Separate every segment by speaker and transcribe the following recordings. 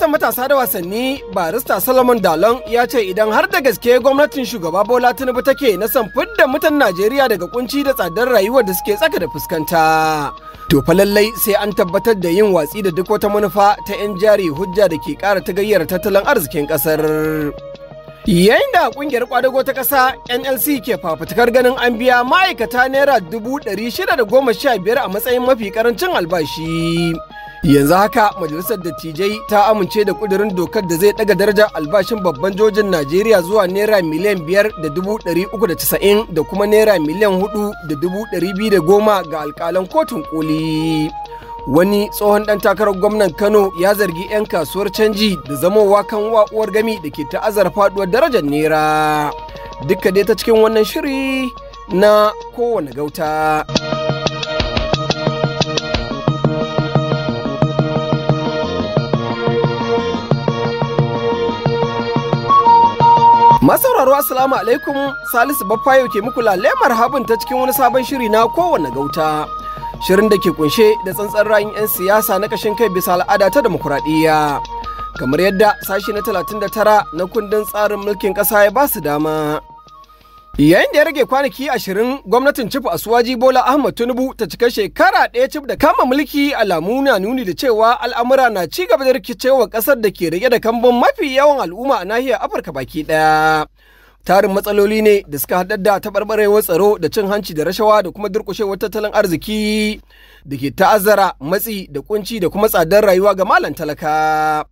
Speaker 1: ministan matasa da wasanni barista solomon dalon ya ce idan har da gaske gwamnatin shugaba bola tinubu take na san fidda mutan najeriya daga kunci da tsadar rayuwar da suke tsaka da fuskanta to fa lallai sai an tabbatar da yin watsi da duk wata manufa ta 'yan jari hujja da ke kara ta gayyar tattalin arzikin kasar yayin da kungiyar kwadago ta kasa nlc ke fafutukar ganin an biya ma'aikata naira dubu ɗari shida da goma sha biyar a matsayin mafi karancin albashi yanzu haka majalisar dattijai ta amince da kudirin dokar da zai daga darajar albashin babban jojin najeriya zuwa naira miliyan biyar da dubu ɗari uku da casa'in da kuma naira miliyan hudu da dubu ɗari biyu da goma ga alkalan kotun koli wani tsohon dan takarar gwamnan kano ya zargi 'yan kasuwar canji da zamowa kan wa'uwar gami da ke ta'azar faduwar darajar naira dukka dai ta cikin wannan shiri na kowane gauta. Masauraro Assalamu alaikum Salisu Baffayo ke muku lalle habun ta cikin wani sabon shiri na kowanne gauta. Shirin da ke kunshe da tsantsar ra'ayin 'yan siyasa na kashin kai bisa al'ada ta demokuraɗiyya. Kamar yadda sashi na 39 na kundin tsarin mulkin ƙasa ya ba su dama. Yayin da ya rage kwanaki ashirin gwamnatin cifu Asuwaji Bola Ahmad Tinubu ta cika shekara ɗaya cif da kama mulki alamu na nuni da cewa al'amura na ci gaba da rikicewa ƙasar da ke rage da kambun mafi yawan al'umma a nahiyar Afirka baki ɗaya. Tarin matsaloli ne da suka haɗar da taɓarɓarewar tsaro da cin hanci da rashawa da kuma durƙushewar tattalin arziki da ke ta'azzara matsi da kunci da kuma tsadar rayuwa ga malam talaka.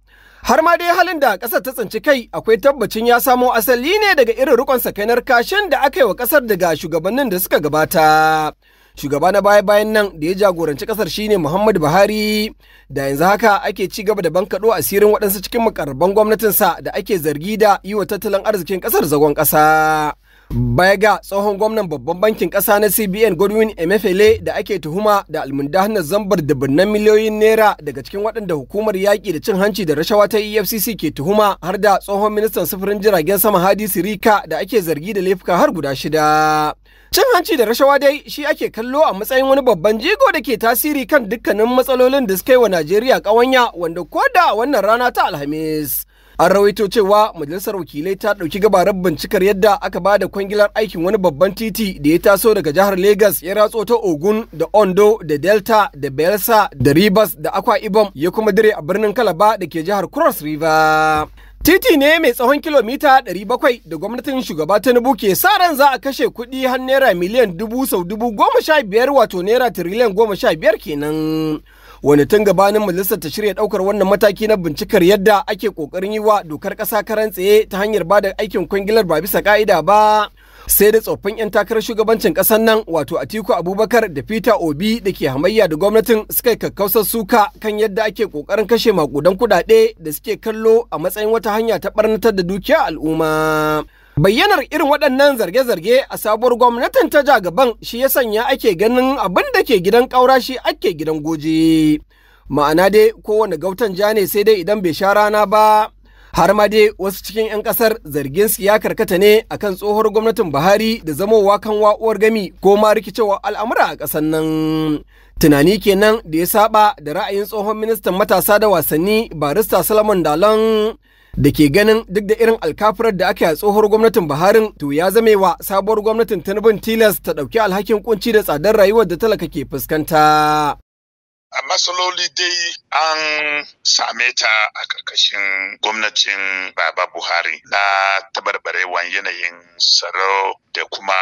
Speaker 1: har ma dai halin da ƙasar ta tsinci kai akwai tabbacin ya samo asali ne daga irin rikon sakainar kashin da aka yi wa ƙasar daga shugabannin da suka gabata shugaba na baya bayan nan da ya jagoranci ƙasar shine muhammadu buhari da yanzu haka ake ci gaba da bankaɗo asirin waɗansu cikin makarban gwamnatinsa da ake zargi da yi wa tattalin arzikin ƙasar zagon ƙasa Baya ga tsohon gwamnan babban bankin ƙasa na CBN Godwin Emefiele da ake tuhuma da almundahanar zambar dubunnan miliyoyin naira daga cikin waɗanda hukumar yaƙi da cin hanci da rashawa ta EFCC ke tuhuma har da tsohon ministan sufurin jiragen sama Hadi Sirika da ake zargi da laifuka har guda shida. Cin hanci da rashawa dai shi ake kallo a matsayin wani babban jigo da ke tasiri kan dukkanin matsalolin da suka yi wa Najeriya ƙawanya wanda ko da wannan rana ta Alhamis. An rawaito cewa majalisar wakilai ta ɗauki gabarar bincikar yadda aka ba da kwangilar aikin wani babban titi da ya taso daga jihar Legas ya ratso ta Ogun da Ondo da Delta da Belsa da Rivers da Akwa Ibom ya kuma dire a birnin Kalaba da ke jihar Cross River. Titi ne mai tsawon kilomita 700 da gwamnatin shugaba ta nubu ke sa ran za a kashe kuɗi har naira miliyan dubu sau dubu goma sha biyar wato naira tiriliyan goma sha biyar kenan. wani tun gabanin majalisar ta shirya daukar wannan mataki na bincikar yadda ake kokarin yi wa dokar kasa karan tsaye ta hanyar ba da aikin kwangilar ba bisa ka'ida ba sai da tsoffin 'yan takarar shugabancin kasar nan wato atiku abubakar da peter obi da ke hamayya da gwamnatin suka kakkausar suka kan yadda ake kokarin kashe makudan kudade da suke kallo a matsayin wata hanya ta barnatar da dukiya al'umma Bayyanar irin waɗannan zarge-zarge a sabuwar gwamnatin ta jagaban shi ya sanya ake ganin abin da ke gidan ƙaura shi ake gidan goje. Ma'ana dai kowane gautan ja ne sai dai idan bai sha rana ba. Har ma dai wasu cikin 'yan ƙasar zargin su ya karkata ne akan tsohuwar gwamnatin Buhari da zamowa kan wa'uwar gami ko ma rikicewa al'amura a ƙasar nan. Tunani kenan da ya saba da ra'ayin tsohon ministan matasa da wasanni barista Solomon Dalon da ke ganin duk da irin alkafurar da aka yi a tsohuwar gwamnatin Buharin to ya zame wa sabuwar gwamnatin Tinubu tilas ta ɗauki alhakin kunci da tsadar rayuwar da talaka ke fuskanta.
Speaker 2: A matsaloli dai an same ta a ƙarƙashin gwamnatin baba buhari na tabarbarewan yanayin tsaro da kuma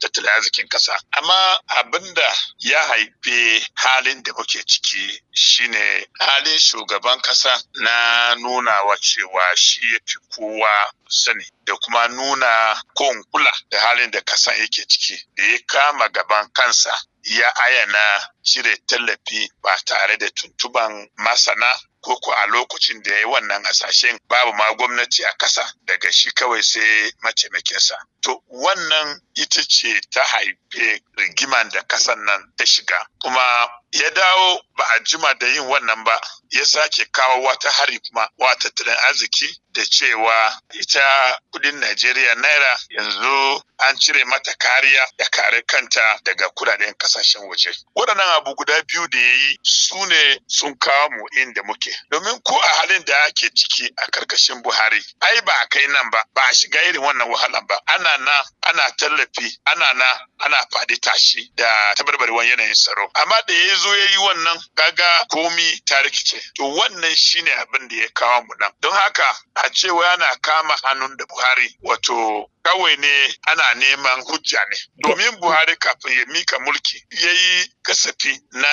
Speaker 2: tattalin arzikin ƙasa amma abinda ya haife halin da muke ciki shine halin shugaban ƙasa na nunawa cewa shi ya fi kowa sani da kuma nuna kon kula da halin da ƙasa yake ciki da ya kama gaban kansa ya ayyana cire tallafi ba tare da tuntuban masana koko a lokacin da ya yi wannan hasashen babu ma gwamnati a ƙasa, daga shi kawai sai mataimakinsa. To wannan ita ce ta haife rigiman da kasan nan ta shiga. kuma ya dawo ba a jima da yin wannan ba ya sake kawo wata hari kuma wata tattalin arziki da cewa ita kudin Najeriya naira yanzu an cire mata kariya da kare kanta daga kudaden kasashen waje. Waɗannan abu guda biyu da ya yi su ne sun kawo mu inda muke. Domin ko a halin da ake ciki a karkashin Buhari, ai ba a kai nan ba, ba a shiga irin wannan wahalan ba. Ana na, ana tallafi, ana na, ana faɗi tashi da tabarbarewan yanayin tsaro. amma da ya zo ya yi wannan kaga komi ta rikice to wannan shine abin da ya kawo mu nan don haka a cewa yana kama hannun da Buhari wato kawai ne ana neman hujja ne. Domin Buhari kafin ya mika mulki ya yi kasafi na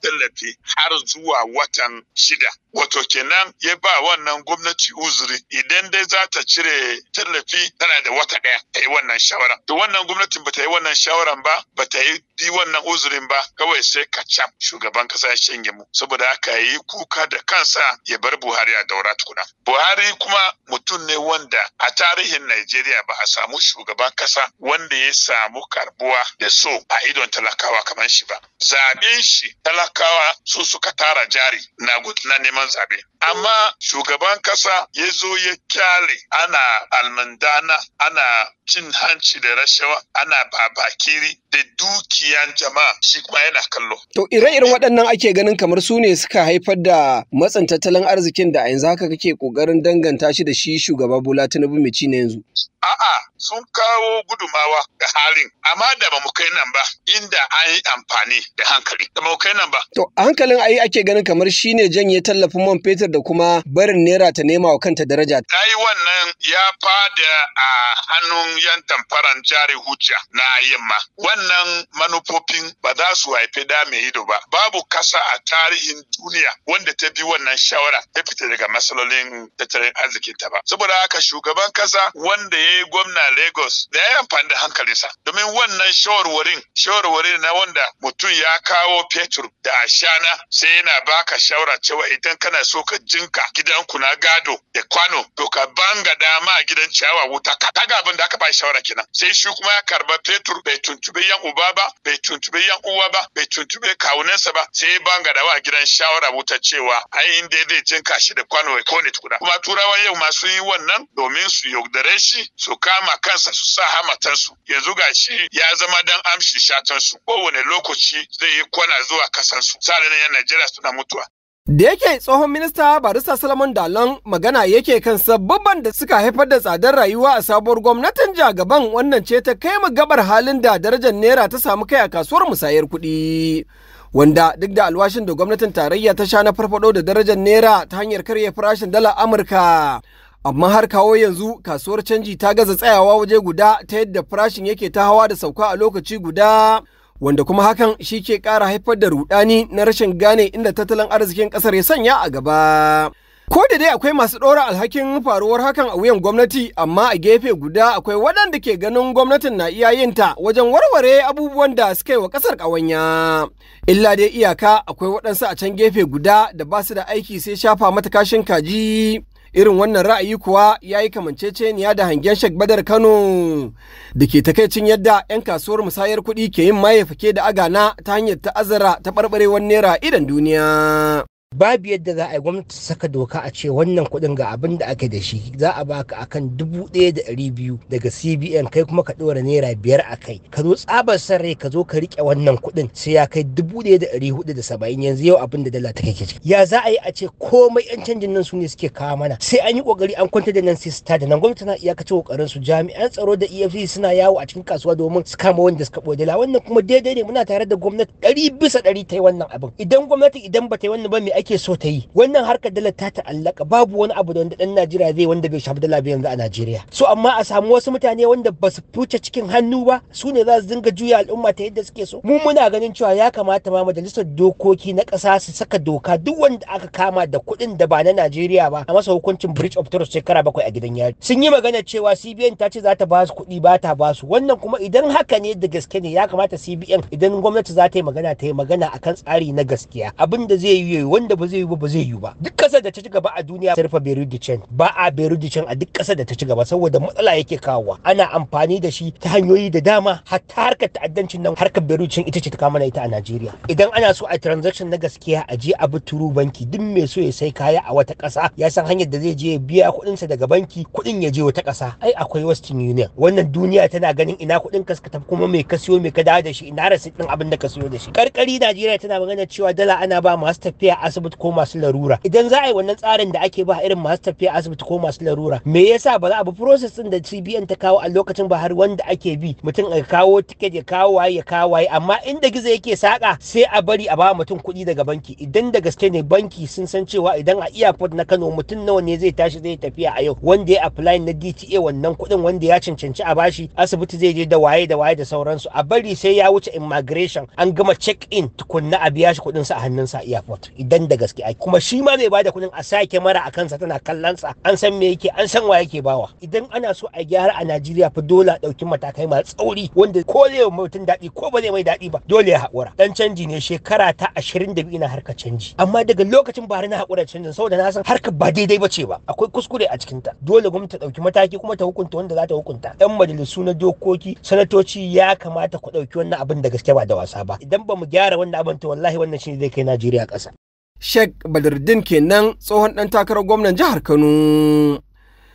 Speaker 2: tallafi har zuwa watan shida. Wato kenan ya ba wannan gwamnati uzuri idan dai za ta cire tallafi tana da wata ɗaya ta yi wannan shawara. To wannan gwamnatin ba ta yi wannan shawaran ba, ba ta yi bi wannan uzurin ba, kawai sai ka cam shugaban kasa ya shanye mu. Saboda haka yi kuka da kansa ya bar Buhari a daura tukuna. Buhari kuma mutum ne wanda a tarihin Najeriya ba a samu shugaban kasa wanda ya samu karbuwa da so a idon talakawa kamar shi ba. Zaɓen shi talakawa su suka tara jari na neman zaɓe, Amma shugaban kasa ya zo ya kyale ana almandana ana cin hanci da rashawa ana babakiri da dukiyan jama'a shi kuma yana kallo.
Speaker 1: To ire-iren waɗannan ake ganin kamar su ne suka haifar da matsin tattalin arzikin da a yanzu haka kake ƙoƙarin danganta shi da shi shugaba Bola Tinubu mai ci na yanzu.
Speaker 2: A'a sun kawo gudumawa ga halin amma da ba mu kai nan ba inda an yi amfani da hankali da ba mu kai nan
Speaker 1: ba. To hankalin ayi ake ganin kamar shine janye tallafin man fetur da kuma barin naira ta nema wa kanta daraja. Ai
Speaker 2: wannan ya fada a hannun yan tamfaran jari hujja na yamma. Wannan manufofin ba za su haife da mai ido ba. Babu kasa a tarihin duniya wanda ta bi wannan shawara ta fita daga matsalolin tattalin ta ba. Saboda haka shugaban kasa wanda ya yi gwamna Lagos da ya amfani da hankalinsa. Domin wannan shawarwarin, shawarwarin na wanda mutum ya kawo fetur da ashana sai yana baka shawara cewa idan kana so ka jinka gidanku na gado da kwano to ka banga dama a gidan ciyawa wuta ka ga abin da aka bai shawara kenan. Sai shi kuma ya karba fetur bai tuntube yan uba ba, bai tuntube yan uwa ba, bai tuntube kawunansa ba, sai ya banga dawa a gidan shawara wuta cewa ai in zai jinka shi da kwano ya kone tukuna. Kuma turawan yau ma sun yi wannan domin su yaudare shi su kama kansa su sa hamatansu yanzu gashi ya zama dan amshi shatansu kowane lokaci zai yi kwana zuwa kasansu sa'an yan Najeriya suna mutuwa
Speaker 1: Da yake tsohon minista Barista Salman Dalon magana yake kan sababban da suka haifar da tsadar rayuwa a sabuwar gwamnatin jagaban wannan ce ta kai mu gabar halin da darajar naira ta samu kai a kasuwar musayar kuɗi. Wanda duk da alwashin da gwamnatin tarayya ta sha na farfado da darajar naira ta hanyar karya farashin dalar Amurka. amma har kawo yanzu kasuwar canji ta gaza tsayawa waje guda ta yadda farashin yake ta hawa da sauka a lokaci guda wanda kuma hakan shi ke kara haifar da rudani na rashin gane inda tattalin arzikin ƙasar ya sanya a gaba. Ko da dai akwai masu ɗora alhakin faruwar hakan a wuyan gwamnati amma a gefe guda akwai waɗanda ke ganin gwamnatin na iya yinta wajen warware abubuwan da suka yi wa ƙasar ƙawanya. Illa dai iyaka akwai waɗansu a can gefe guda da ba su da aiki sai shafa mata kashin kaji irin wannan ra'ayi kuwa ya yi kamanceceniya da hangen Shagbadar kano da ke takaicin yadda 'yan kasuwar musayar kuɗi ke yin maye da agana ta hanyar ta'azzara ta barbarewar naira idan duniya babu yadda za a yi gwamnati saka doka a
Speaker 3: ce wannan kuɗin ga abin da ake da shi za a baka akan dubu ɗaya da ɗari biyu daga cbn kai kuma ka ɗora naira biyar a kai ka zo tsabar san rai ka zo ka riƙe wannan kuɗin sai ya kai dubu ɗaya da ɗari hudu da saba'in yanzu yau abin da dala ta kai ciki ya za a yi a ce komai yan canjin nan su ne suke kawo mana sai an yi ƙoƙari an kwanta da nan sai su tada nan gwamnati na ce ƙoƙarin su jami'an tsaro da efcc suna yawo a cikin kasuwa domin su kama wanda suka ɓoye dala wannan kuma daidai ne muna tare da gwamnati ɗari bisa ɗari ta yi wannan abin idan gwamnati idan ba ta yi wannan ba mai ake so ta yi wannan harkar dala ta ta'allaka babu wani abu da wanda dan najeriya zai wanda bai shafi dala biyan yanzu a najeriya so amma a samu wasu mutane wanda ba su fuce cikin hannu ba su ne za su dinga juya al'umma ta yadda suke so mu muna ganin cewa ya kamata ma majalisar dokoki na ƙasa su saka doka duk wanda aka kama da kuɗin da ba na najeriya ba a masa hukuncin bridge of trust shekara bakwai a gidan yari sun yi magana cewa cbn ta ce za ta ba su kuɗi ba ta ba su wannan kuma idan haka ne da gaske ne ya kamata cbn idan gwamnati za ta yi magana ta yi magana akan tsari na gaskiya abin da zai yi da ba zai yi ba ba zai yi ba duk kasar da ta ci gaba a duniya ta di beridicin ba a beridicin a duk kasar da ta ci gaba saboda matsala yake kawowa ana amfani da shi ta hanyoyi da dama hatta harkar ta'addancin nan harkar beridicin ita ce ta kama ita a Najeriya idan ana so a transaction na gaskiya a je a bi turu banki duk mai so ya sai kaya a wata kasa ya san hanyar da zai je ya biya sa daga banki kuɗin ya je wata ƙasa ai akwai Western Union wannan duniya tana ganin ina kuɗin ka tafi kuma mai ka siyo mai ka dawo da shi ina rasit din abin da ka siyo da shi karkari Najeriya tana magana cewa dala ana ba masu tafiya a asibiti ko masu larura idan za a yi wannan tsarin da ake ba irin masu tafiya asibiti ko masu larura me yasa ba za a bi process din da CBN ta kawo a lokacin ba har wanda ake bi mutum ya kawo ticket ya kawo waye ya kawo waye amma inda gizo yake saka sai a bari a ba mutum kuɗi daga banki idan da gaske ne banki sun san cewa idan a airport na Kano mutum nawa ne zai tashi zai tafiya a yau wanda ya apply na DTA wannan kuɗin wanda ya cancanci a bashi asibiti zai je da waye da waye da sauransu a bari sai ya wuce immigration an gama check in tukunna a biya shi kuɗin sa a hannun sa airport idan da gaske ai kuma shi ma mai bada kudin a sake mara a kansa tana kallonsa an san me yake an san wa yake bawa idan ana so a gyara a Najeriya fa dole a dauki matakai masu tsauri wanda ko zai wa mutum daɗi ko ba zai mai daɗi ba dole ya haƙura dan canji ne shekara ta 22 ina harka canji amma daga lokacin ba na haƙura canjin saboda na san harka ba daidai bace ba akwai kuskure a cikin ta dole gwamnati ta dauki mataki kuma ta hukunta wanda za ta hukunta yan majalisu na dokoki sanatoci ya kamata ku dauki wannan abin da gaske ba da wasa ba idan ba mu gyara wannan
Speaker 1: abin to wallahi wannan shine zai kai Najeriya ƙasa Sheikh Badruddin kenan tsohon ɗan takarar gwamnan jihar Kano.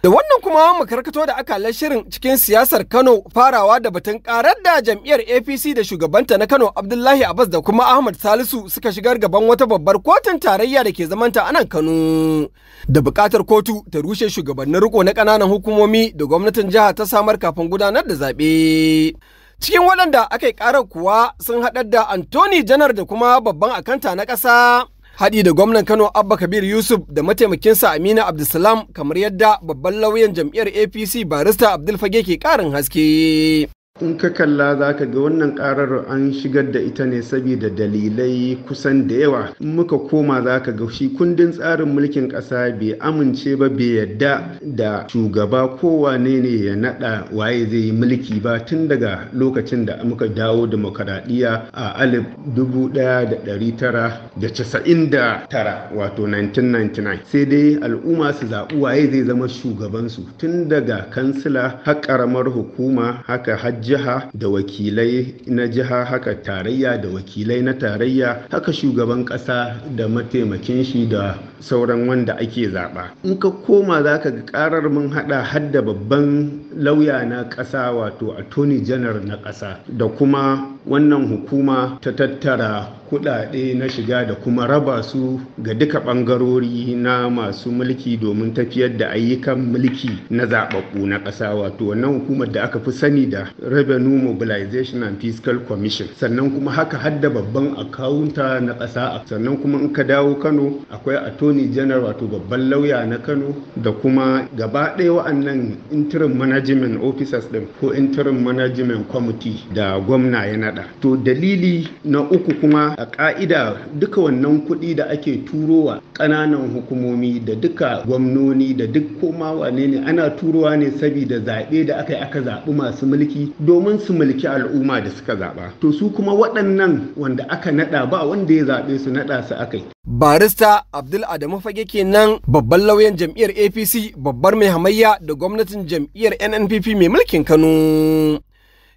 Speaker 1: Da wannan kuma mu karkato da akalar shirin cikin siyasar Kano farawa da batun karar da jam'iyyar APC da shugabanta na Kano Abdullahi Abbas da kuma Ahmad Salisu suka shigar gaban wata babbar kotun tarayya da ke zamanta a nan Kano. Da buƙatar kotu ta rushe shugabannin riko na ƙananan hukumomi da gwamnatin jiha ta samar kafin gudanar da zaɓe. Cikin waɗanda aka yi ƙarar kuwa sun haɗar da Anthony Janar da kuma babban akanta na ƙasa haɗi da gwamnan Kano Abba Kabir Yusuf da mataimakinsa Amina Abdulsalam kamar yadda babban lauyan jam'iyyar APC barista abdulfage ke ƙarin haske. in ka
Speaker 4: kalla za ka ga wannan karar an shigar da ita ne saboda dalilai kusan da yawa in muka koma za ka ga shi kundin tsarin mulkin ƙasa bai amince ba bai yadda da shugaba kowane ne ya naɗa waye zai yi mulki ba tun daga lokacin da muka dawo demokaradiyya a alif dubu ɗaya da ɗari tara da casa'in da tara wato 1999 sai dai al'umma su zaɓi waye zai zama shugabansu tun daga kansila har ƙaramar hukuma haka hajji jiha da wakilai na jiha haka tarayya da wakilai na tarayya haka shugaban ƙasa da mataimakin shi da sauran wanda ake zaɓa in ka koma za ka ga ƙarar mun haɗa hadda babban lauya na ƙasa wato attorney general na ƙasa da kuma wannan hukuma ta tattara kuɗaɗe na shiga da kuma raba su ga duka ɓangarori na masu mulki domin tafiyar da ayyukan mulki na zaɓaɓɓu na ƙasa wato wannan hukumar da aka fi sani da revenue mobilization and fiscal commission sannan kuma haka hadda babban akawunta na ƙasa sannan kuma in ka dawo kano akwai attorney attorney general wato babban lauya na kano da kuma gaba ɗaya wa'annan interim management officers ɗin ko interim management committee da gwamna ya naɗa, to dalili na uku kuma a ka'ida duka wannan kuɗi da ake turowa ƙananan hukumomi da duka gwamnoni da duk koma wane ne ana turowa ne saboda zaɓe da aka yi aka zaɓi masu mulki domin su mulki al'umma da suka zaɓa to su kuma waɗannan wanda aka naɗa
Speaker 1: ba wanda ya zaɓe su naɗa su aka yi Barista Abdul Adamu Fage kenan babban lauyan jam'iyyar APC babbar mai hamayya da gwamnatin jam'iyyar NNPP mai mulkin Kano.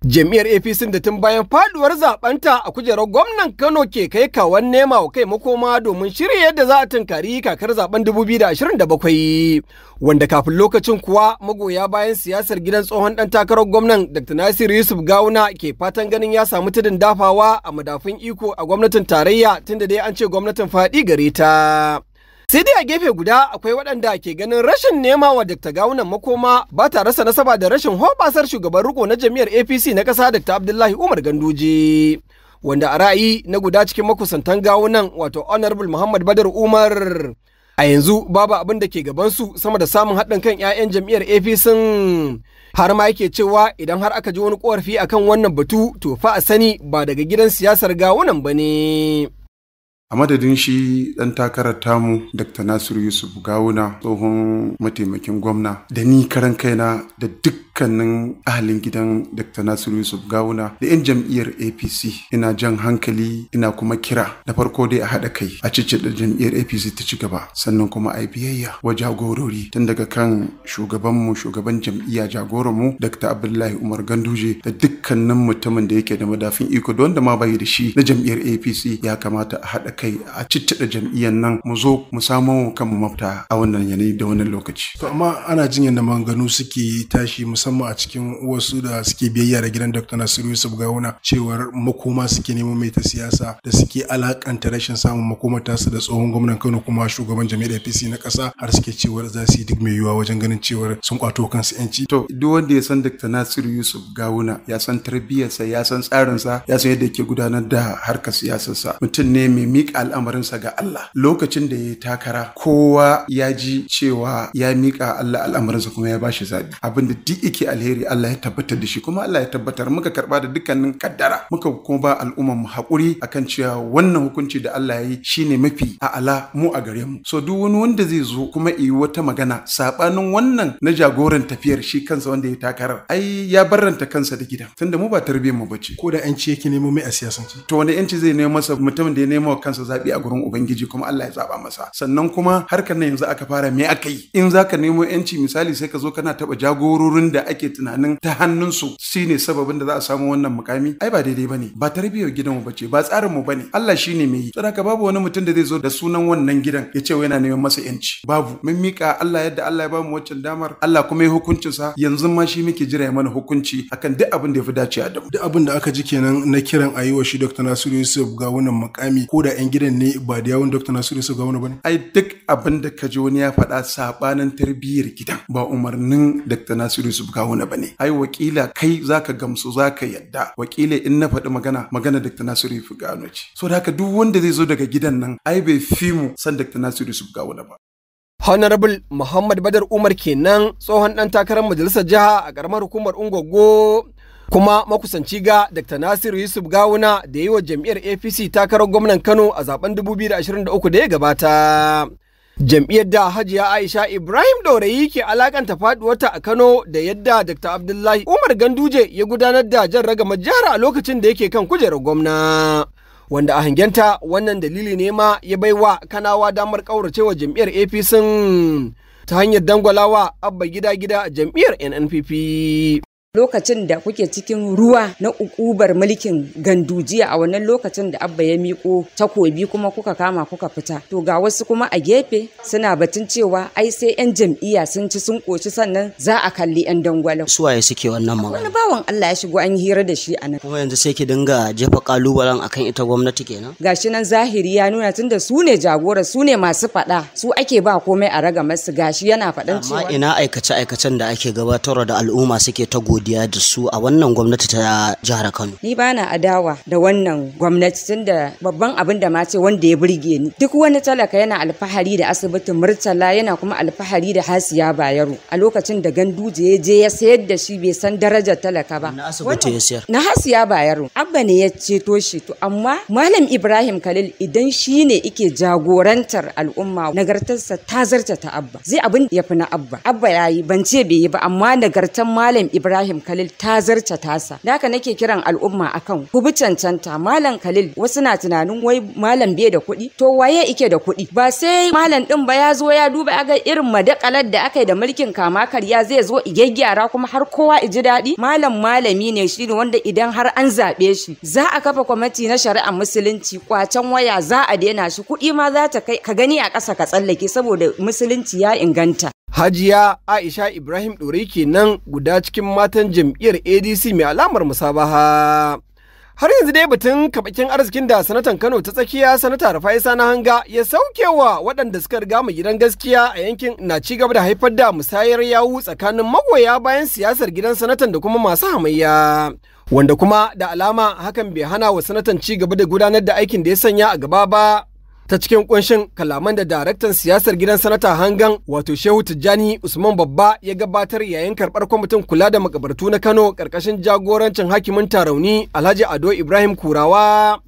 Speaker 1: Jami'ar APC da tun bayan faduwar zabanta a kujerar gwamnan Kano ke kai kawan nema wa kai makoma domin shirya yadda za a tunkari kakar zaben 2027 wanda kafin lokacin kuwa magoya bayan siyasar gidan tsohon dan takarar gwamnan Dr. Nasir Yusuf Gawuna ke fatan ganin ya samu tudun dafawa a madafin iko a gwamnatin tarayya tunda dai an ce gwamnatin faɗi gare ta. Sai dai a gefe guda akwai waɗanda ke ganin rashin nema wa Dr. Gawunan makoma ba ta rasa nasaba da rashin hoɓasar shugaban riko na jami'ar APC na ƙasa Dr. Abdullahi Umar Ganduje. Wanda a ra'ayi na guda cikin makusantan gawunan wato Honorable Muhammad Badar Umar. A yanzu babu abin da ke gabansu sama da samun haɗin kan 'ya'yan jam'iyyar APC har ma yake cewa idan har aka ji wani korafi akan wannan batu to fa a sani ba daga gidan siyasar gawunan ba ne.
Speaker 5: a madadin shi ɗan takarar tamu dr nasiru yusuf gawuna tsohon mataimakin gwamna da ni karan kaina da dukkanin ahalin gidan dr nasiru yusuf gawuna da 'yan jam'iyyar apc ina jan hankali ina kuma kira na farko dai a haɗa kai a cice da jam'iyyar apc ta ci gaba sannan kuma a biyayya wa jagorori tun daga kan shugabanmu shugaban jam'iyya jagoranmu dr abdullahi umar ganduje da dukkanin mutumin da yake da madafin iko da wanda ma bai da shi na jam'iyyar apc ya kamata a haɗa kai a ciccida jam'iyyar nan mu zo mu samo kan mafita a wannan yanayi da wannan lokaci. To amma ana jin yadda maganganu suke tashi musamman a cikin wasu da suke biyayya da gidan Dr. Nasiru Yusuf Gawuna cewar makoma suke neman mai ta siyasa da suke alakanta rashin samun makoma tasu da tsohon gwamnan Kano kuma shugaban jami'ar APC na ƙasa har suke cewar za su yi duk mai yiwuwa wajen ganin cewar sun kwato kansu 'yanci. To duk wanda ya san Dr. Nasiru Yusuf Gawuna ya san tarbiyyarsa ya san tsarinsa ya san yadda yake gudanar da harkar siyasarsa mutum ne mai miƙa al'amarinsa ga Allah lokacin da ya takara kowa ya ji cewa ya miƙa Allah al'amarinsa kuma ya bashi zaɓi abinda duk yake alheri Allah ya tabbatar da shi kuma Allah ya tabbatar muka karɓa da dukkanin kaddara muka kuma ba al'umman mu haƙuri akan cewa wannan hukunci da Allah ya yi shine mafi a'ala mu a gare mu so duk wani wanda zai zo kuma yi wata magana saɓanin wannan na jagoran tafiyar shi kansa wanda ya takarar ai ya barranta kansa da gidan tunda mu ba tarbiyyar mu bace ko da yanci yake nemo mai a siyasance to wani yanci zai nemo masa mutumin da ya nemo kansa masa zaɓi a gurin ubangiji kuma Allah ya zaɓa masa sannan kuma harkar nan yanzu aka fara me aka yi in ka nemo yanci misali sai ka zo kana taɓa jagororin da ake tunanin ta hannunsu ne sababin da za a samu wannan mukami ai ba daidai bane ba tarbiyyar gidanmu bace ba tsarin mu bane Allah shine mai yi saboda babu wani mutum da zai zo da sunan wannan gidan ya ce yana neman masa yanci babu mun mika Allah yadda Allah ya bamu waccan damar Allah kuma ya hukuncin sa yanzu ma shi muke jira ya mana hukunci akan duk abin da ya fi dacewa da mu duk abin da aka ji kenan na kiran a wa shi Dr. Nasiru Yusuf ga wannan mukami ko da 'yan gidan ne ba da yawon Dr. Nasiru su gauna ba ne? Ai duk abin da ka ji wani ya faɗa saɓanin tarbiyyar gidan ba umarnin Dr. Nasiru su gauna ba ne. Ai wakila kai zaka gamsu zaka yadda wakila in na faɗi magana magana Dr. Nasiru su gauna ce. So da haka duk
Speaker 1: wanda zai zo daga gidan nan ai bai fi mu san Dr. Nasiru su wani ba. Honorable Muhammad Badar Umar kenan tsohon ɗan takarar majalisar jiha a ƙaramar hukumar Ungogo kuma makusanci ga dr nasiru yusuf gawuna da yi wa jam'iyyar apc takarar gwamnan kano a zaben 2023 da ya gabata jam'iyyar da hajiya aisha ibrahim ɗorayi ke alakanta faduwarta a kano da yadda dr abdullahi umar ganduje ya gudanar da jan ragamar jihar a lokacin da yake kan kujerar gwamna wanda a hangenta wannan dalili ne ma ya bai wa kanawa damar ƙauracewa jam'iyyar apc
Speaker 6: ta hanyar dangwalawa abba gida gida jam'iyyar nnpp lokacin da kuke cikin ruwa na ukubar mulkin jiya a wannan lokacin da abba ya miko takobi kuma kuka kama kuka fita to ga wasu kuma a gefe suna batun cewa ai sai yan jam'iyya sun ci sun koci sannan za a kalli yan dangwala waye suke wannan magana wani bawan Allah ya shigo an hira da shi anan kuma yanzu sai ki dinga jefa kalubalen akan ita gwamnati kenan gashi nan zahiri ya nuna tunda su ne jagora su ne masu faɗa su ake ba komai a raga masu gashi yana faɗan cewa amma ina aikace aikacen da ake gabatarwa da al'umma suke ta godiya da su a wannan gwamnati ta jihar Kano? Ni bana adawa da wannan gwamnati da babban abin da ma wanda ya burge ni. Duk wani talaka yana alfahari da asibitin Murtala yana kuma alfahari da Hasiya bayaro a lokacin da Ganduje ya je ya sayar da shi bai san darajar talaka ba. Na asibiti ya sayar. Na Hasiya Bayero. Abba ne ya ceto shi to amma Malam Ibrahim Khalil idan shi ne ike jagorantar al'umma nagartarsa ta zarta ta Abba. Zai abin ya fi na Abba. Abba ya yi ban ce bai yi ba amma nagartar Malam Ibrahim Ibrahim Khalil ta zarce tasa. Da haka nake kiran al'umma akan ku bi cancanta Malam Khalil wasu na tunanin wai Malam bai da kuɗi to waye ike da kuɗi ba sai Malam din ba ya zo ya duba ga irin madakalar da aka yi da mulkin kama karya zai zo igeggyara kuma har kowa iji daɗi Malam malami ne shine wanda idan har an zaɓe shi za a kafa kwamiti na shari'ar musulunci kwacen waya za a daina shi kuɗi ma za ta kai ka gani a ƙasa ka tsallake saboda musulunci ya inganta.
Speaker 1: Hajiya Aisha Ibrahim Ɗori kenan guda cikin matan jam'iyyar ADC mai alamar musabaha. Har yanzu dai batun kabakin arzikin da sanatan Kano ta tsakiya sanata Rufai na Hanga ya sauke wa waɗanda suka riga mu gidan gaskiya a yankin na ci gaba da haifar da musayar yawu tsakanin magoya bayan siyasar gidan sanatan da kuma masu hamayya. Wanda kuma da alama hakan bai hana wa sanatan ci gaba da gudanar da aikin da ya sanya a gaba ba ta cikin kunshin kalaman da daraktan siyasar gidan sanata hangan wato shehu tijjani usman babba ya gabatar yayin karɓar kwamitin kula da makabartu na kano ƙarƙashin jagorancin hakimin tarauni alhaji ado ibrahim kurawa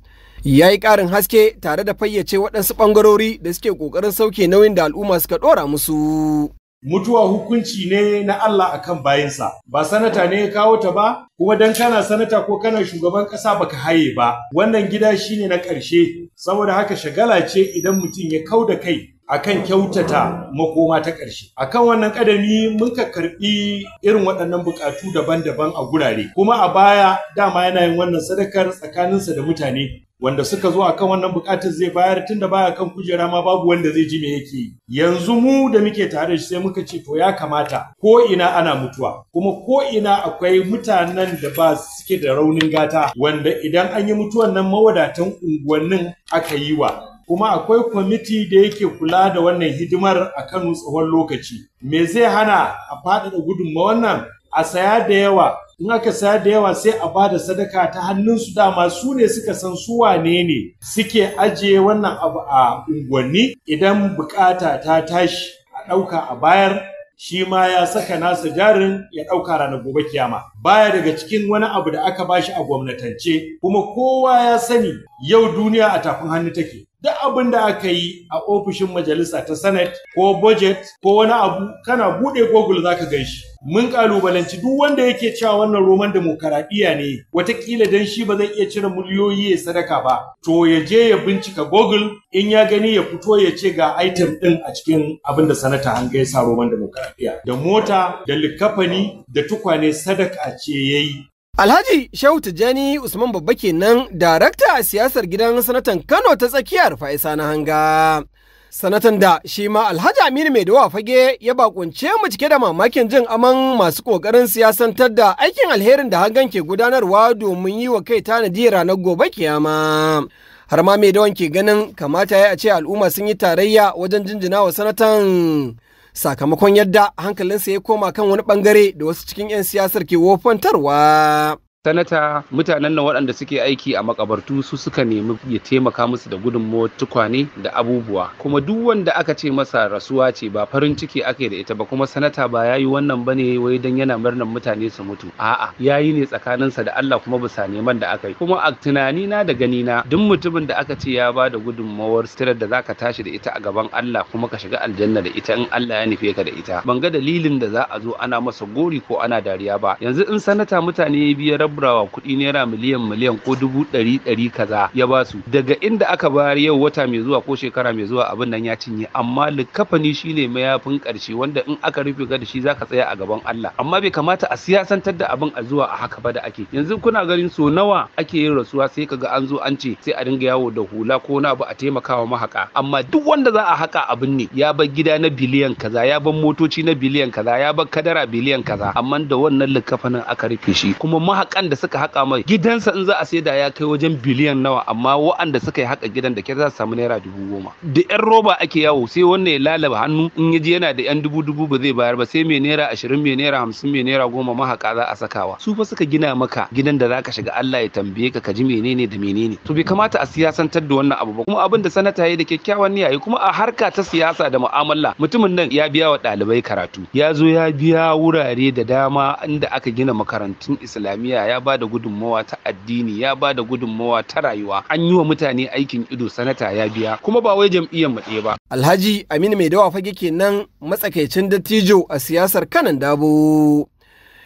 Speaker 1: ya yi ƙarin haske tare da fayyace waɗansu ɓangarori da suke ƙoƙarin sauke nauyin da al'umma suka ɗora musu mutuwa hukunci ne na Allah akan bayansa ba sanata ne ya kawo ta ba
Speaker 7: kuma dan kana sanata ko kana shugaban kasa baka haye ba wannan gida shine na ƙarshe saboda haka shagala ce idan mutum ya kau da kai akan kyautata makoma ta ƙarshe akan wannan ƙadami mun ka karɓi irin waɗannan buƙatu daban-daban a gurare kuma a baya dama yana yin wannan sadakar tsakaninsa da mutane wanda suka zo akan wannan bukatar zai bayar tun da baya kan kujera ma babu wanda zai ji me yake yanzu mu da muke tare shi sai muka ce to ya kamata ko ina ana mutuwa kuma ko ina akwai mutanen da ba suke da raunin gata wanda idan an yi mutuwan nan mawadatan unguwannin aka yi wa kuma akwai kwamiti da yake kula da wannan hidimar a Kano tsawon lokaci. Me zai hana a faɗaɗa gudunmawar nan a saya da yawa in aka saya da yawa sai a ba da sadaka ta hannunsu dama su ne suka san su wane ne suke ajiye wannan abu a unguwanni idan bukata ta tashi a ɗauka a bayar shi ma ya saka nasa jarin ya ɗauka ranar gobe kiyama baya daga cikin wani abu da aka bashi a gwamnatance kuma kowa ya sani yau duniya a tafin hannu take duk abin da aka yi a ofishin majalisa ta senate ko budget ko wani abu kana buɗe google zaka gan shi mun kalubalanci duk wanda yake cewa wannan roman demokaradiyya ne watakila dan shi ba zai iya cire miliyoyi ya sadaka ba to ya je ya bincika google in ya gani ya fito ya ce ga item din a cikin abin da sanata an gaisa roman demokaradiyya da mota da likafani da tukwane sadaka ce yayi
Speaker 1: Alhaji Shehu Tijjani Usman Babba kenan darakta a siyasar gidan sanatan Kano ta tsakiyar Faisa na hanga. Sanatan da shi ma Alhaji Aminu Mai Fage ya bakunce mu cike da mamakin jin aman masu kokarin siyasantar da aikin alherin da hangan ke gudanarwa domin yi wa kai tanadi ranar gobe kiyama. Har ma Mai ke ganin kamata ya a ce al'umma sun yi tarayya wajen jinjina wa sanatan. sakamakon yadda hankalinsa ya koma kan wani bangare da wasu cikin 'yan siyasar ke wofantarwa.
Speaker 8: sanata mutanen nan waɗanda suke aiki a makabartu su suka nemi ya taimaka musu da gudun tukwane da abubuwa kuma duk wanda aka ce masa rasuwa ce ba farin ciki ake da ita ba kuma sanata ba ya yi wannan ba ne wai dan yana murnar mutane su mutu a'a ya yi ne tsakaninsa da Allah kuma bisa neman da aka yi kuma a tunani na da gani na duk mutumin da aka ce ya ba da gudunmawar sitirar da zaka tashi da ita a gaban Allah kuma ka shiga aljanna da ita in Allah ya nufe ka da ita ban ga dalilin da za a zo ana masa gori ko ana dariya ba yanzu in sanata mutane ya biya rabu rabrawa kuɗi naira miliyan miliyan ko dubu ɗari ɗari kaza ya ba su daga inda aka bayar yau wata mai zuwa ko shekara mai zuwa abin nan ya cinye amma likafani shine mayafin ƙarshe wanda in aka rufe ka da shi zaka tsaya a gaban Allah amma bai kamata a siyasantar da abin a zuwa a haka ba da ake yanzu kuna ganin so nawa ake yin rasuwa sai kaga an zo an ce sai a dinga yawo da hula ko na ba a taimakawa mahaka amma duk wanda za a haka abin ne ya bar gida na biliyan kaza ya bar motoci na biliyan kaza ya bar kadara biliyan kaza amma da wannan likafanin aka rufe shi kuma mahaka haƙan da suka haƙa mai gidansa in za a saida ya kai wajen biliyan nawa amma wa'anda suka yi haƙa gidan da ke za su samu naira dubu goma da yan roba ake yawo sai wannan ya lalaba hannu in ya ji yana da yan dubu dubu ba zai bayar ba sai mai naira ashirin mai naira hamsin mai naira goma mahaƙa za a sakawa su fa suka gina maka gidan da zaka shiga Allah ya tambaye ka kaji, menene da menene to bai kamata a siyasantar da wannan abu ba kuma abin da sanata ya da kyakkyawan niyya kuma a harka ta siyasa da mu'amala mutumin nan ya biya wa ɗalibai karatu ya zo ya biya wurare da dama inda aka gina makarantun islamiyya ya ba da gudunmawa ta addini ya ba da gudunmawa ta rayuwa an yi wa mutane aikin ido
Speaker 1: sanata ya biya kuma ba wai jam'iyyar mu ɗaya ba alhaji aminu mai dawa ke kenan matsakaicin dattijo a siyasar kanan dabo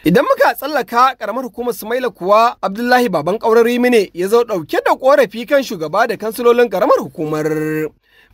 Speaker 1: Idan muka tsallaka karamar hukumar Sumaila kuwa Abdullahi baban ƙaurar Rimi ne ya zo ɗauke da ƙorafi kan shugaba da kansilolin karamar hukumar.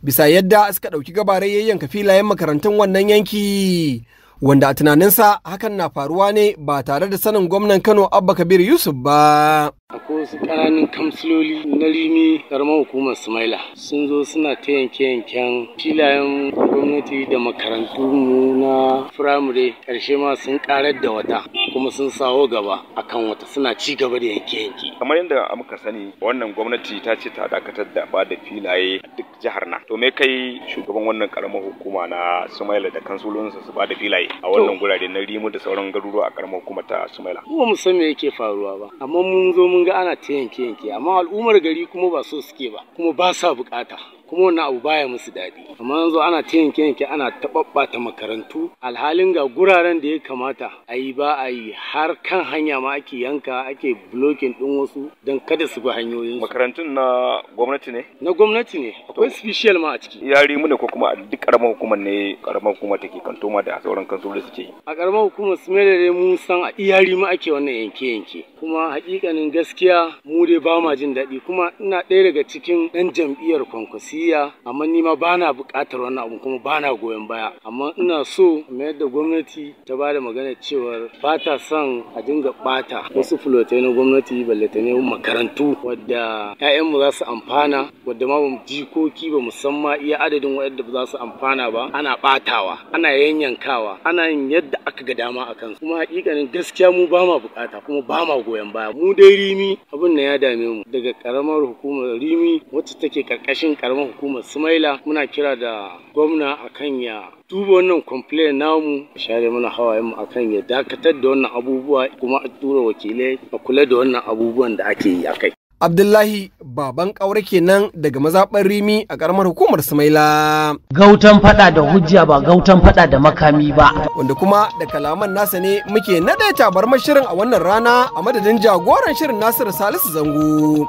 Speaker 1: Bisa yadda suka ɗauki gabarai yayyanka filayen makarantun wannan yanki wanda a tunaninsa hakan na faruwa ne ba tare da sanin gwamnan Kano Abba Kabir Yusuf ba.
Speaker 9: Akwai wasu ƙananan kamsiloli na rimi karamar hukumar Sumaila sun zo suna ta yanke-yanken filayen gwamnati da makarantu mu na firamare ƙarshe ma sun ƙarar da wata. kuma sun sawo gaba a kan wata suna ci gaba da yanke-yanke. Kamar yadda muka sani wannan gwamnati ta ce ta dakatar da ba da
Speaker 4: filaye a duk jihar na. To me kai shugaban wannan karamar hukuma na Sumaila da kansulunsa su ba da filaye a wannan gurare na Rimu da sauran garuruwa a karamar hukuma ta Sumaila.
Speaker 9: ba mu san me yake faruwa ba amma mun zo mun ga ana ta yanke-yanke amma al'ummar gari kuma ba so suke ba kuma ba sa bukata. kuma wannan abu baya musu daɗi amma yanzu ana ta yanke yanke ana taɓaɓɓata makarantu alhalin ga guraren da ya kamata a yi ba a yi har kan hanya ma ake yanka ake blocking ɗin wasu don kada su bi hanyoyin makarantun na gwamnati ne na gwamnati ne akwai special ma a ciki yari mu ne ko
Speaker 4: kuma a duk karamar hukumar ne karamar hukumar take kantoma da sauran kansuloli su yi
Speaker 9: a karamar hukumar su da mun san a iyari ma ake wannan yanke yanke kuma hakikanin gaskiya mu dai ba ma jin daɗi kuma ina ɗaya daga cikin ɗan jam'iyyar kwankwasi demokradiyya amma ni ma bana buƙatar wannan abu kuma bana goyon baya amma ina so mayar yadda gwamnati ta ba da magana cewa ba ta son a dinga bata wasu fulotai na gwamnati ballata ne makarantu wadda mu za su amfana wadda ma bamu jikoki ba musamman iya adadin wadda ba za su amfana ba ana batawa ana yanyankawa ana yin yadda aka ga dama a kansu kuma hakikanin gaskiya mu ba ma buƙata kuma ba ma goyon baya mu dai rimi abin na ya dame mu daga karamar hukumar rimi wacce take ƙarƙashin ƙaramar hukumar Sumaila muna kira da gwamna akan ya duba wannan complain namu share mana hawayen mu akan ya dakatar da wannan abubuwa kuma a tura wakilai a kula da wannan abubuwan da ake yi a kai.
Speaker 1: Abdullahi baban ƙaure kenan daga mazaɓar Rimi a ƙaramar hukumar Sumaila. Gautan faɗa da hujja ba gautan faɗa da makami ba. Wanda kuma da kalaman nasa ne muke ta bar shirin a wannan rana a madadin jagoran shirin Nasiru Salisu Zango.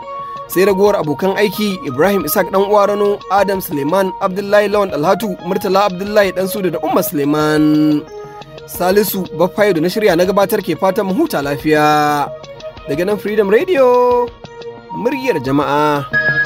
Speaker 1: sai ragowar abokan aiki ibrahim isaac dan uwa adam suleiman abdullahi lawan alhatu murtala abdullahi dan sudu da umma suleiman salisu baffayo da na shirya na gabatar ke fatan mu huta lafiya daga nan freedom radio muryar jama'a